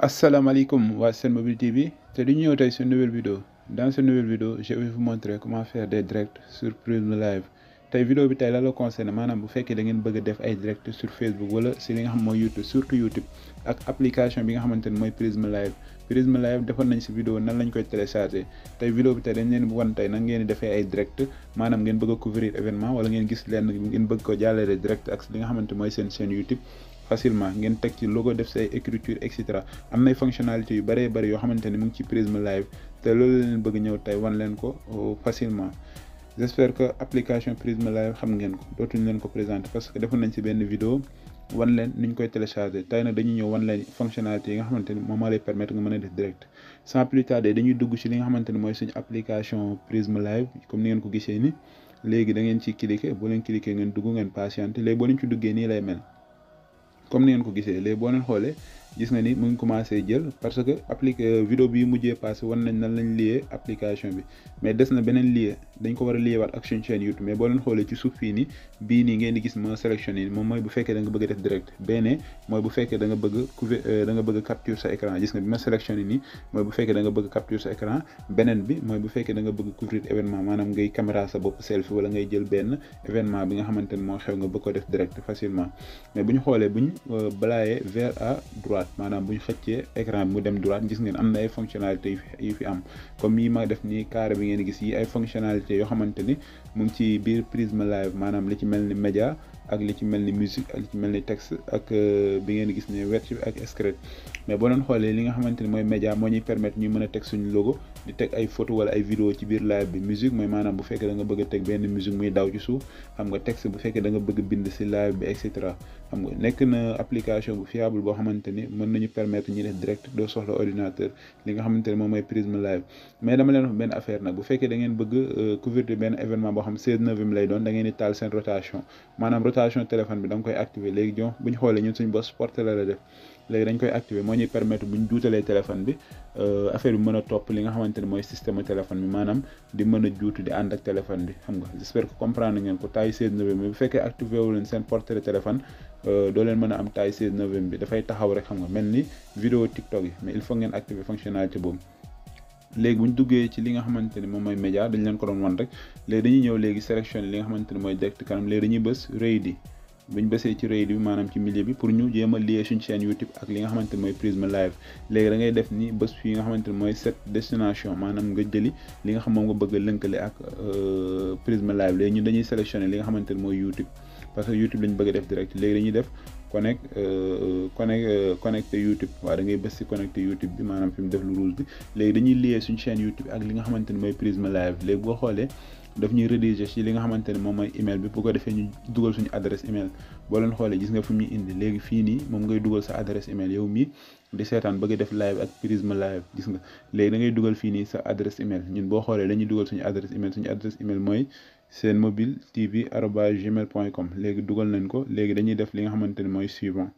Assalamualaikum waa Sen Mobile TV c'est du ñëw tey sur une nouvelle vidéo dans cette nouvelle vidéo je vais vous montrer comment faire des directs sur Prism Live tey vidéo bi tey la concerne maanaam bu fekkee da ngeen bëgg a def ay direct sur Facebook wala si li nga xam mooy YouTube surtout YouTube ak bi nga xamante ne mooy Prism Live Prism Live defoon nañ si vidéo nan lañ koy télécharger tey vidéo bi tey dañ leen wan tey nan ngeen di defee ay direct maanaam ngeen bëgg a couvrir événement wala ngeen gis lenn ngeen bëgg ko jàllale direct ak li mooy seen chaîne YouTube facilement ngeen teg ci logo def say écriture et cetera am nay fonctionnalité yu bëree bëri yoo xamante ni mu ngi ci Prism Live wan leen ko euh, facilement j'espère que application Prism Live ko dootuñu leen ko présenter parce que defoon nañ benn vidéo wan leen ni ñu koy télécharger tey nag dañuy ñëw wan yi nga xamante ni moom moo lay permettre nga mën a def direct sans plus tarder dañuy dugg ci li nga xamante ni mooy suñu application Prism Live comme ni ngeen ko gisee ni léegi da ngeen ci cliquer boo leen cliquer ngeen dugg ngeen patienter léegi boo ci duggee nii lay mel. comme ni ngeen ko gisee léegi boo gis nga ni mu ngi commencé jël parce que appliqué euh, vidéo bi mujjee passé wan nañ lañ lié application bi mais boo leen xoolee ci suuf fii nii bii nii ngeen di gis ma sélection mooy bu fekkee da nga bëgg a a da euh, capture sa écran gis nga bi ma sélection nii mooy bu fekkee da bëgg capture sa écran beneen bi mooy bu fekkee da bëgg couvrir événement maanaam ngay caméra sa bopp selfie wala ngay jël benn événement bi nga xamante moo xew nga bëgg ko def maanaam bu ñu xëccee écran bi mu dem droite gis ngeen am na ay fonctionnalité yu fi am comme yi ma def ni carré bi ngeen gis yi ay fonctionnalité yoo xamante ni mu ngi ci biir Prism Live maanaam li ci mel ni média ak li ci mel ni musique ak li ci mel ni texte ak euh, bi ngeen gis ne wet ak scratch mais boo doon xoolee li nga xamante ni mooy média moo ñuy permettre ñu mën a teg suñu logo di teg ay photo wala ay vidéo ci biir live bi musique mooy maanaam bu fekkee da nga a teg benn musique muy daw ci suuf xam nga texte bu fekkee da nga bëgg bind si live bi et cetera xam nga nekk na application bu fiable boo xamante ni mën nañu permettre ñuy def direct doo soxla ordinateur li nga xamante ne moom mooy Prism live mais dama leen wax benn affaire nag bu fekkee dangeen ngeen bëgg euh, couvrir benn événement boo xam 16 novembre lay doon da ngeen di taal seen rotation maanaam rotation téléphone bi da nga koy activer léegi jon ñu xoolee ñun suñu bopp sport léegi dañ koy activer moo ñuy permettre bu ñu juutalee téléphone bi euh, affaire bi mën a topp li nga xamante ne mooy système téléphone bi maanaam di mën a juutu di ànd ak téléphone bi xam nga j'espère que comprendre ngeen ko taille 16 neuvième bi bu fekkee activé wu leen seen portrait téléphone euh, doo leen mën a am taille 16 neuvième bi dafay taxaw rek xam nga mel ni vidéo TikTok yi mais il faut ngeen activer fonctionnalité boobu léegi bu duggee ci li nga xamante ni moom mooy média dañ leen ko doon wan rek léegi dañuy ñëw léegi sélectionné li xamante ne mooy direct kanam léegi buñ besee ci réel bi maanaam ci milieu bi pour ñu jéem a lié suñ chaîne YouTube ak li nga xamante ne mooy Prisma Live léegi da ngay def ni bés fii nga xamante ne mooy set destination maanaam nga jëli li nga xam moom nga bëgg a lënkale ak euh, Prisma Live léegi ñun dañuy sélectionné li nga xamante ne mooy YouTube parce que YouTube lañ bëgg a def direct léegi dañuy def connect euh, connect euh, connecté YouTube waaw da ngay bés si connecté YouTube bi maanaam fi mu def lu rouge bi léegi dañuy lié suñ chaîne YouTube ak li nga xamante ne mooy Prisma Live léegi boo xoolee. daf ñuy rediger ci li nga xamante ne moom mooy email bi bu ko defee ñu dugal suñu adresse email boo leen xoolee gis nga fu mu ñu indi léegi fii nii ngay dugal sa adresse email yow mii di seetaan bëgg def live ak Prism live gis nga léegi da dugal fii nii sa adresse email ñun boo xoolee dañuy dugal suñu adresse email suñu adresse email mooy seen mobile tv arobase gmail point com léegi dugal nañ ko léegi dañuy def li nga xamante ne mooy suivant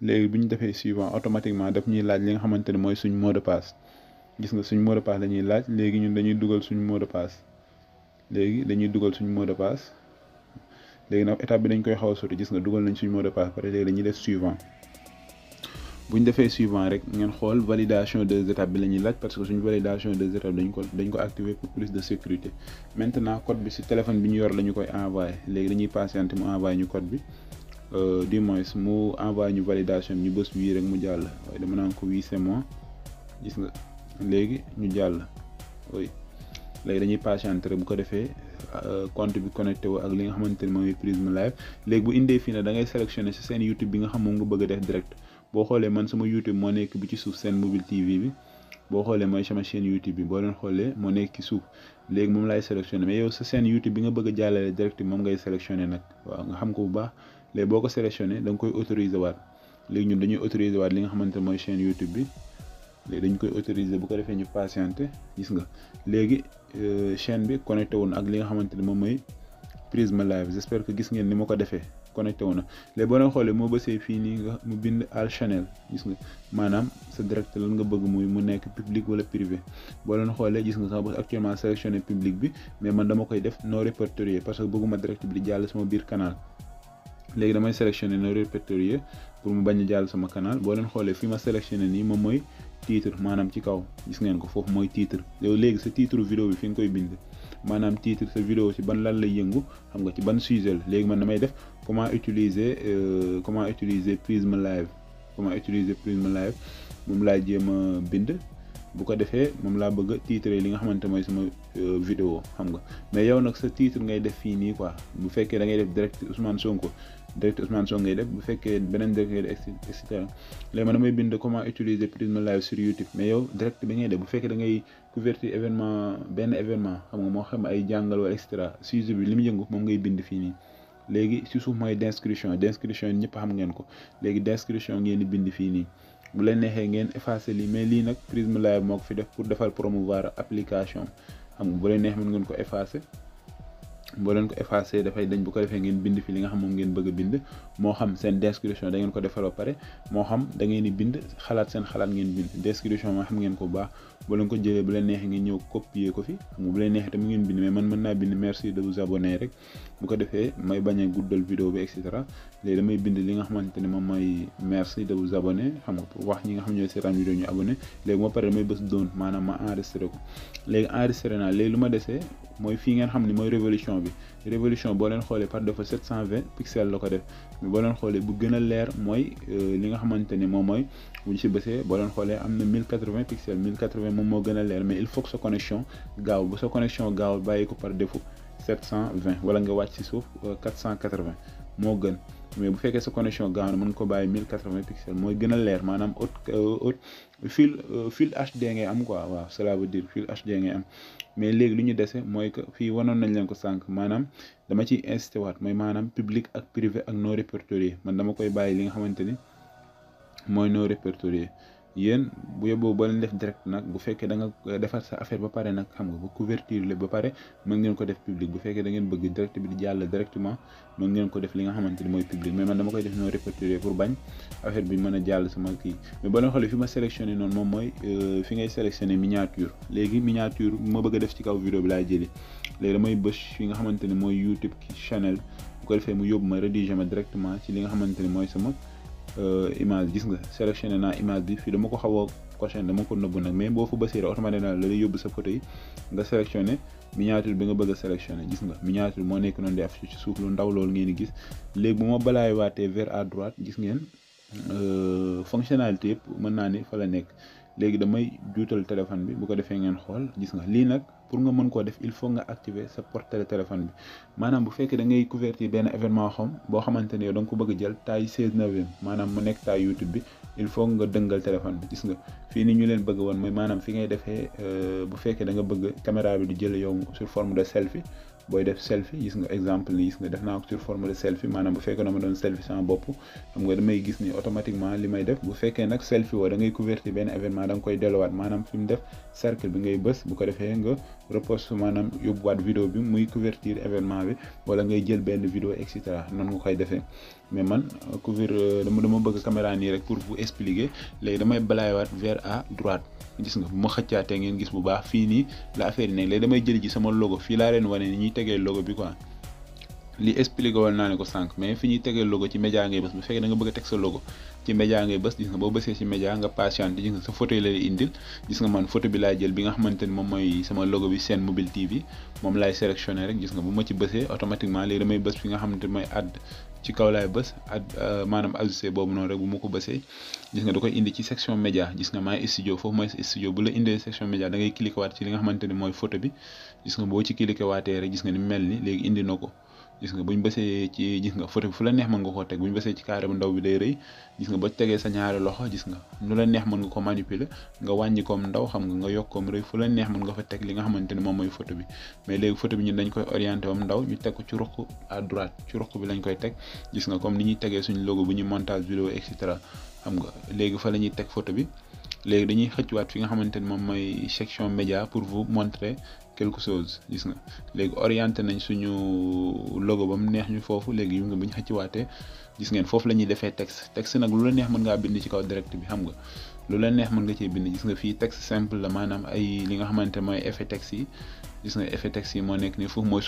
léegi bu ñu defee suivant automatiquement daf ñuy laaj li nga xamante ne mooy suñ mot de passe gis nga suñ mot de passe laaj léegi ñun dañuy dugal suñ mot de passe léegi dañuy dugal suñu mot de passe légui nag étape bi dañ koy xaw sori gis nga dugal nañ suñu mot de passe après légui dañuy def suivant bu défé suivant rek ngeen xol validation des étapes bi la ñuy laaj parce que suñu validation des étapes dañ ko dañ ko activer pour plus de sécurité maintenant code bi ci téléphone bi ñu yor la koy envoyer légui dañuy patiente mu envoyer ñu code bi euh du moins mu envoyer ñu validation ñu bëss wii rek mu jall way dama naan ko 8 c'est moi gis nga légui ñu jall oui léegi dañuy patienter bu ko defee euh, compte bi connecté wu ak li nga xamante ne mooy Prism Live léegi bu indee fii nag da ngay sélectionné si seen YouTube bi nga xam moom nga bëgg a def direct boo xoolee man sama YouTube moo nekk bi ci suuf boo xoolee mooy sama chaîne YouTube bi boo leen xoolee moo nekk ci suuf léegi moom laay sélectionné mais yow sa seen YouTube bi nga bëgg a jàllale direct moom ngay sélectionné nag waaw nga xam ko bu baax léegi boo ko sélectionné da nga koy autorisé waat léegi ñun dañuy autorisé waat li nga xamante ne mooy chaîne YouTube bi léegi dañ koy autorisé bu ko defee ñu patienter gis nga léegi euh, chaîne bi connecté wu na ak li nga xamante ne moom mooy Prisma Live j'espère que gis ngeen ni ma ko defee connecté wu na léegi boo xoolee moo bësee fii nii nga mu bind al channel gis nga maanaam sa direct lan nga bëgg muy mu nekk public wala privé boo leen xoolee gis nga sax ba actuellement sélectionné public bi mais man dama koy def non répertorié parce que bëgguma direct bi di jàll sama biir canal léegi damay sélectionné non répertorié pour mu bañ a jàll sama canal boo leen xoolee fi ma sélectionné nii moom mooy titre maanaam ci kaw gis ngeen ko foofu mooy titre yow léegi sa titre vidéo bi fi nga koy bind maanaam titre sa vidéo ci ban lan lay yëngu xam nga ci ban sujet la léegi man may def comment utiliser euh, comment utiliser Prism Live comment utiliser Prism Live moom laa jéem a bind bu ko defee moom laa bëgg a titre li nga xamante mooy suma euh, vidéo xam nga mais yow nag sa titre ngay def fii nii quoi bu fekkee da ngay def direct Ousmane Sonko direct Ousmane Songé ngay def bu fekkee beneen direct ngay def et léegi damay bind comment utiliser Prisma Live sur YouTube mais yow direct bi ngay def bu fekkee da ngay couverture événement benn événement xam nga moo xam ay jàngal wala etc cetera bi li mu yëngu moom ngay bind fii nii léegi si suuf mooy d'inscription d'inscription ñëpp xam ngeen ko léegi d'inscription ngeen di bind fii nii bu leen neexee ngeen effacer lii mais lii nag Prisma Live moo ko fi def pour defal promouvoir application xam nga bu leen neex mën ngeen ko effacer. boo leen ko effacé dafay dañ bu ko defee ngeen bind fi li nga xam ngeen bëgg a bind moo xam seen description da ko defal ba pare moo xam da ngeen di bind xalaat seen xalaat ngeen bind description moo xam ngeen ko baax boo leen ko jëlee bu leen neexee ngeen ñëw copier ko fi xam nga bu leen neexee tamit ngeen bind mais man mën naa bind ko defee may bañ a guddal vidéo bi et cetera léegi damay bind li nga xamante ne moom mooy merci de vous abonner xam nga wax ñi nga xam ñooy seetaan vidéo ñu abonné léegi ma pare damay bës doon maanaam ma enregistré ko léegi enregistré naa léegi moy fi ngeen xamni moy mooy révolution bi révolution bo len xolé par défaut 720 pixels lako def mais bo len xolé bu gëna a leer mooy euh, li nga xamantene ni moy mooy bu ñu si bësee boo leen 1080 pixels 1080 moom mo gëna a leer mais il faut que sa connexion gaaw bu sa connexion gaaw bayiko par défaut 720 wala nga wacc si suuf 480 euh, mo gën mais bu fekkee sa connexion gaaw na mën ko bàyyi 1080 pixels mooy gën a leer maanaam haute euh, haute fil fil HD ngay am quoi waaw cela veut dire fil HD ngay am. mais léegi lu ñu dese mooy que fii wanoon nañ leen ko sànq maanaam dama ci insisté waat mooy maanaam public ak privé ak non répertorié man dama koy bàyyi li nga xamante ni mooy non répertorié yéen bu yóbboo ba leen def direct nag bu fekkee da nga eh, defar sa affaire ba pare nag xam nga ba couverture la ba pare mën ngeen ko def public bu fekkee da ngeen bëgg direct bi di jàll directement mën ngeen ko def li nga xamante ni mooy public mais man dama koy def non répertorié pour bañ mën jàll sama kii mais ba leen ma sélectionné noonu moom mooy euh, fi ngay sélectionné miniature miniature bu bëgg def ci kaw vidéo bi laay jëlee léegi damay bës fi nga xamante ne mooy YouTube ki channel bu ko defee mu yóbbu ma rédigé ma directement ci li nga xamante ne mooy sama image gis nga sélectionné na image bi fi dama ko xawoo a dama ko nëbbu nag mais boo fa basiré automatiquement la lay yóbbu sa photo yi nga sélectionné miniature bi nga bëgg a sélectionné gis nga miniature moo nekk noonu di affiché ci suuf lu ndaw loolu ngeen di gis léegi bu ma balaay waatee vers à droite gis ngeen fonctionnalité yëpp mën naa ne fa la nekk léegi damay juutal téléphone bi bu ko defee ngeen xool gis nga lii nag pour nga mën ko def il faut nga activer sa portail téléphone bi manam bu fekk da ngay couvertir ben événement xam bo xamanteni ne yow da ko bëgg jël taille 16 neuvième manam mu nek taille YouTube bi il faut nga dëngal téléphone bi gis nga fi ni ñu leen bëgg won moy manam fi ngay defee euh, bu fekkee da nga bëgg caméra bi di jël yow sur forme de selfie booy def selfie gis nga exemple ni gis nga def na ko sur forme de selfie maanaam bu fekkee dama doon selfie sama bopp xam nga damay gis ni automatiquement li may def bu fekkee nag selfie woo da ngay couvertir benn événement da koy delluwaat maanaam fi def cercle bi ngay bës bu ko defee nga report maanam yóbbu waat vidéo bi muy couverture événement bi wala ngay jël benn vidéo et cetera noonu koy defee mais man couvrir euh, dama dama bëgg caméra nii rek pour vous expliquer léegi damay balaayewaat vers à droite gis nga bu ma xëccaatee ngeen gis bu baax fii nii la affaire yi damay jël ji sama logo fii laa leen wane ni ñuy tegee logo bi quoi li expliqué woon naa ne ko sànq mais fi ñuy tegee logo ci média bës fekkee da bëgg teg sa logo ci média ngay bës gis média nga patiente gis nga sa photo man photo bi laay bi nga xamante ni moom mooy sama logo bi seen mobile TV moom laay sélectionné rek gis nga bu ma ci bësee automatiquement léegi damay bës fi nga xamante ni mooy add ci kaw laay bës ak euh, maanaam ajusté boobu noonu rek bu ma ko bësee gis nga da koy indi ci section média gis nga maay studio foofu mooy studio bu la indee section média da ngay cliqué waat ci li nga xamante ne mooy photo bi gis nga boo ci cliqué waatee rek gis nga ni mel ni léegi indi ko gis nga buñ bësee ci gis nga foto fu la neex mën nga koo teg buñ bësee ci carré bu ndaw bi day rëy gis nga ba tegee sa ñaari loxo gis nga lu la neex mën nga ko manipuler nga wàññi koom ndaw xam nga nga yokk koom rëy fu la neex mën nga fa teg li nga xamante ne moom mooy foto bi mais léegi foto bi ñun dañ koy orienté wam ndaw ñu teg ko ci ruq à droite ci ruq bi lañ koy teg gis nga comme ni ñuy tegee suñu logo bu ñuy montage vidéo et cetera xam nga léegi fa la ñuy teg foto bi léegi dañuy xëccuwaat fi nga xamante ni moom mooy section média pour vous montrer quelque chose gis nga léegi orienté nañ suñu logo ba mu neex ñu foofu léegi yu nga bu ñu xëccuwaatee gis ngeen foofu la ñuy defee texte texte nag lu la neex mën ngaa bind ci kaw direct bi xam nga lu la neex mën nga cee bind gis nga fii texte simple la maanaam ay li nga xamante mooy effet texte yi gis nga effet texte yi moo nekk nii foofu mooy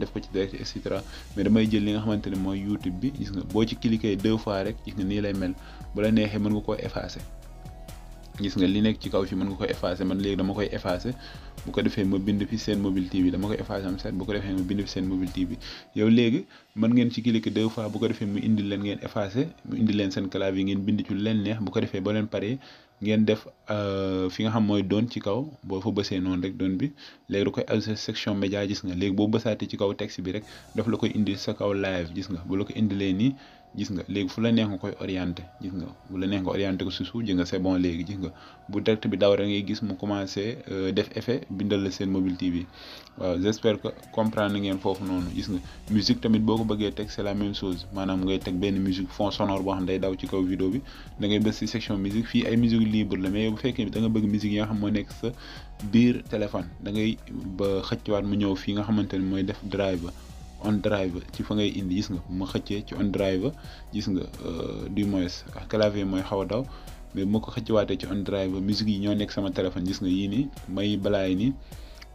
def ko ci direct et cetera mais damay jël ne mooy YouTube bi gis boo ci cliquer deux fois rek gis nga nii lay mel mën nga koo effacer. ci kaw fi mën nga koy effacer man léegi dama koy effacer bu ko defee ma bind fi seen mobile TV dama yow léegi mën ngeen ci cliquer deux fois bu ko defee mu indil leen ngeen effacer mu indil leen seen clavier ngeen bind ci leen neex bu ko defee ba leen paree ngeen def euh, fi nga xam mooy doon ci kaw boo fa bësee noonu rek doon bi léegi da koy ajouté section média gis nga léegi boo bësaatee ci kaw texte bi rek daf la koy indi sa kaw live gis nga bu la ko indilee nii gis nga léegi fu la neex nga koy orienté gis nga fu la neex ko si suuf ji nga c'est bon léegi gis nga bu direct bi daw rek ngay gis mu commencé euh, def effet bindal la seen mobile TV waaw j'espère que comprendre ngeen foofu noonu gis nga musique tamit boo ko bëggee teg c'est la même chose maanaam ngay teg benn musique fond sonore boo xam day daw ci kaw vidéo bi da ngay bës section musique fii ay musique libre la mais bu fekkee da nga bëgg musique yi nga xam moo nekk sa biir téléphone da ngay ba xëccuwaat mu ñëw fii nga xamante ne mooy def drive ba on drive ci fa ngay indi gis nga ma xëccee ci on drive gis nga euh, du moins clavier mooy xaw a daw mais ma ko ci on drive musique yi ñoo nekk sama téléphone gis nga yii nii may balaay nii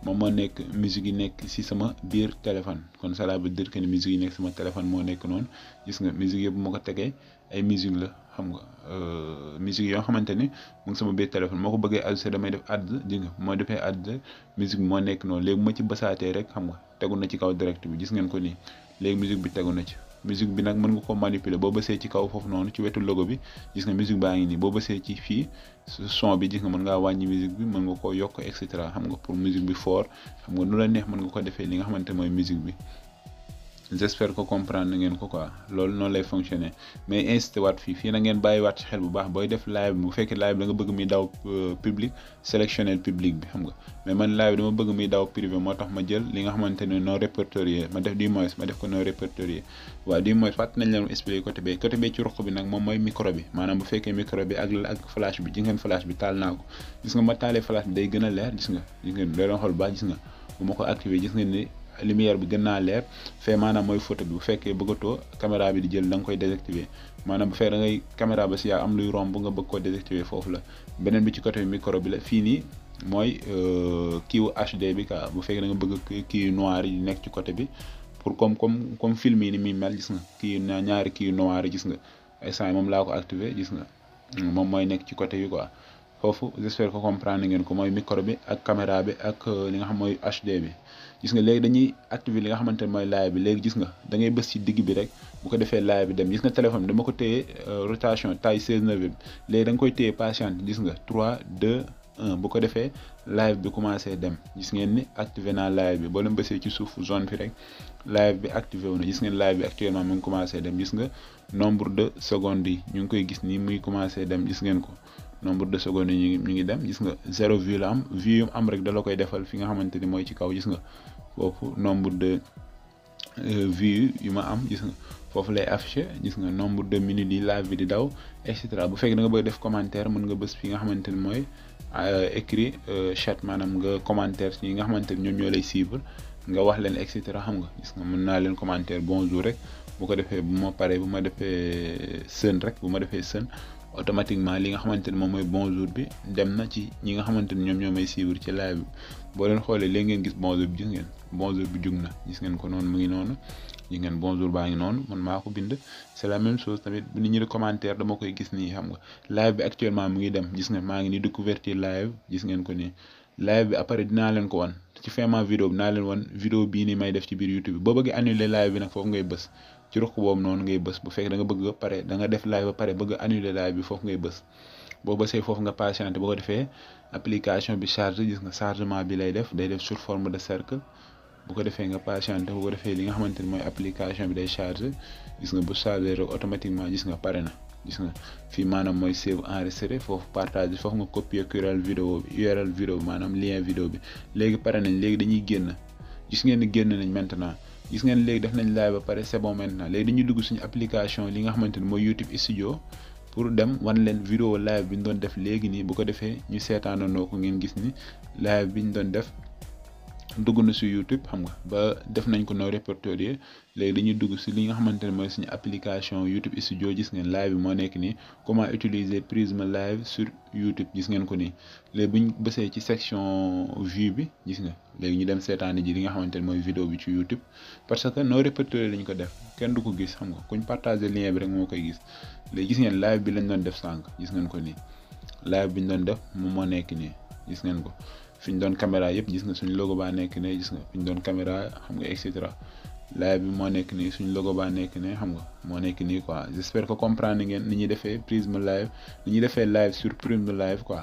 moom moo nekk musique yi nekk si sama biir téléphone kon cela veut yi nekk sama téléphone moo nekk noonu gis nga musique yëpp ma ko tegee ay musique la xam nga euh, musique yoo xamante ni mu sama biir téléphone moo ko bëggee add may def add di nga moo defee add musique moo nekk noonu léegi ma ci basaatee rek xam nga tegu na ci kaw direct bi gis ngeen ko ni léegi musique bi tegu na ci musique bi nag mën nga ko manipule boo bësee ci kaw foofu noonu ci wetu logo bi gis nga musique baa ngi nii boo bësee ci fii son bi gis nga mën ngaa wàññi musique bi mën nga ko yokk et cetera xam nga pour musique bi fort xam nga nu la neex mën nga ko defee li nga xamante mooy musique bi j'espère que comprendre ngeen ko quoi lool noonu lay fonctionner mais insisté waat fii fii na ngeen bàyyiwaat ci xel bu baax booy def live bu fekkee live da nga bëgg euh, bi xam nga mais man live dama bëgg muy daw privé moo li nga xamante ne non répertorié ma def du moins ma def ko non répertorié waaw du moins fàtt nañ leen expliqué côté bee côté bee ci ruq bi nag moom mooy micro bi maanaam bu fekkee micro bi ak ak flash bi gis ngeen flash bi taal naa ko gis nga ma taalee flash bi day gën a leer gis nga gis ngeen doon xool baax gis nga bu ma ko activé gis ni lumière bi gën naa leer fee maanaam mooy photo bi bu fekkee bëggatoo caméra bi di jël danga koy désactiver maanaam bu fekkee da ngay caméra ba si am luy romb nga bëgg koo désactiver foofu la beneen bi ci côté micro bi fii nii mooy euh, kii wu HD bi quoi bu fekkee da nga bëgg kii yu noir yi nekk ci côté bi pour comme comme comme film yi ni muy mel gis nga ñaari kii yu noir yi gis nga instant moom laa ko activer gis nga moom mooy nekk ci côté yi quoi foofu j'espère que comprendre ngeen ko mooy micro bi ak caméra bi ak euh, li nga xam mooy HD bi gis nga léegi dañuy activer li nga xamante ne mooy live bi léegi gis nga dangay ngay bës ci digg bi rek bu ko defee live bi dem gis nga téléphone dama ko téye euh, rotation taille 16 9 bi léegi da nga koy téye patiente gis nga 3 2 1 bu ko defee live bi commencé dem gis ngeen ni activé naa live bi boo leen bësee ci suuf zone fi rek live bi activé wu na gis ngeen live bi actuellement mu ngi commencé dem gis nga nombre de secondes yi ñu ngi koy gis nii muy commencé dem gis ngeen ko nombre de secondes yi ñu ngi dem gis nga zéro vue la am vue yu am rek da koy defal fi nga xamante ni mooy ci kaw gis nga foofu nombre de euh, vue yu ma am gis nga foofu lay affiché gis nga nombre de minutes yi live bi di daw et cetera bu fekkee da nga def commentaire mën nga bës fi nga xamante ni mooy. Euh, écrit euh, chat maanaam nga commentaire ñi nga xamante ni ñoom ñoo lay nga wax leen et cetera xam nga gis nga mën naa leen commentaire bonjour rek bu ko defee bu ma paree bu ma defee sën rek bu ma defee sën automatiquement li nga xamante ni moom mooy bonjour bi dem na ci ñi nga xamante ni ñoom ñoo may suivre ci live bi boo leen xoolee léegi gis bonjour bi gis ngeen bonjour bi jug na gis ngeen ko noonu mu ngi noonu yi ngeen bonjour baa ngi noon man maa ko bind c'est la chose tamit bu nit ñi di koy gis ni xam nga live bi actuellement mu ngi dem gis ngeen maa ngi ni di couverture live gis ngeen ko nii live bi après dinaa leen ci faimen vidéo bi dinaa leen wan bii nii may def ci biir YouTube bi boo bëggee annuler live bi nag foofu ngay bës ci ruq boobu noonu ngay bu fekk da nga bëgg ba pare da nga def live ba pare bi foofu ngay bës boo bësee foofu nga patienté boo ko defee application bi charge gis nga chargement bi lay def day def sur forme de cercle bu ko defee nga patienté bu ko defee li nga xamante ni mooy application bi day charge gis nga bu chargé rek automatiquement gis nga pare na gis nga fii maanaam mooy save enregistré foofu partage foofu nga copier URL vidéo bi URL maanaam lien vidéo bi léegi pare nañ léegi dañuy génn gis ngeen ni génn nañ maintenant gis ngeen léegi def nañ live a pare c'est bon maintenant léegi dañuy dugg suñu application li nga xamante ni mooy YouTube studio pour dem wan leen vidéo live bi ñu doon def léegi nii bu ko defee ñu seetaanandoo ko ngeen gis ni live bi ñu doon def. dugg na si YouTube xam nga ba def nañ ko noo répertorier léegi dañuy dugg si li nga xamante ne mooy suñu application YouTube studio gis ngeen live moo nekk nii comment utiliser Prisma live sur YouTube gis ngeen ko nii léegi buñ bësee ci section vue bi gis nga léegi ñu dem seetaani ji li nga xamante ne mooy video bi ci YouTube parce que noo répertorier lañ ko def kenn du ko gis xam nga kuñ partager lien bi rek moo koy gis léegi gis ngeen live bi lañ doon def sànq gis ngeen ko nii live bi ñu doon def moom moo nekk nii gis ngeen ko. fi doon caméra yëpp gis nga suñu logo baa nekk ne gis nga fi ñu doon caméra xam nga et cetera live bi moo nekk nii suñu logo baa nekk ne xam nga moo nekk nii quoi j'espère que comprendre ngeen ni ñuy defee Prism live nu ñuy defee live sur Prism live quoi.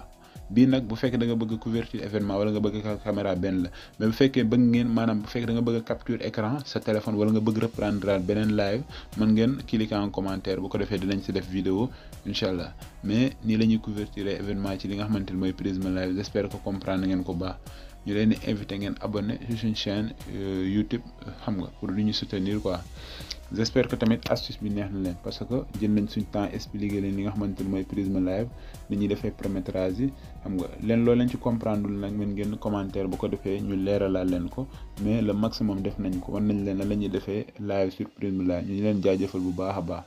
bii nag bu fekkee danga nga bëgg couverture événement wala nga bëgg caméra benn la mais bu fekkee bëgg ngeen maanaam bu fekkee da nga bëgg capture écran sa téléphone wala nga bëgg reprendre beneen live mën ngeen cliquer en commentaire bu ko defee dinañ si def vidéo incha allah mais nii la ñuy couverture événement ci li nga xamante ni mooy Prisma live j'espère que comprendre ngeen ko baax ñu leen di invité ngeen abonné ci suñu chaîne euh, YouTube xam nga pour lu ñu soutenir quoi j'espère que tamit astuce bi neex na leen parce que jël nañ suñ temps expliqué leen li nga xamante ne mooy Prisma Live ni ñuy defee paramétrage yi xam nga leen loo leen ci comprendre lu nag mën ngeen commentaire bu ko defee ñu leeralal leen ko mais le maximum def nañ ko wan nañ leen la la ñuy defee live sur Prisma Live ñu leen jaajëfal bu baax a baax.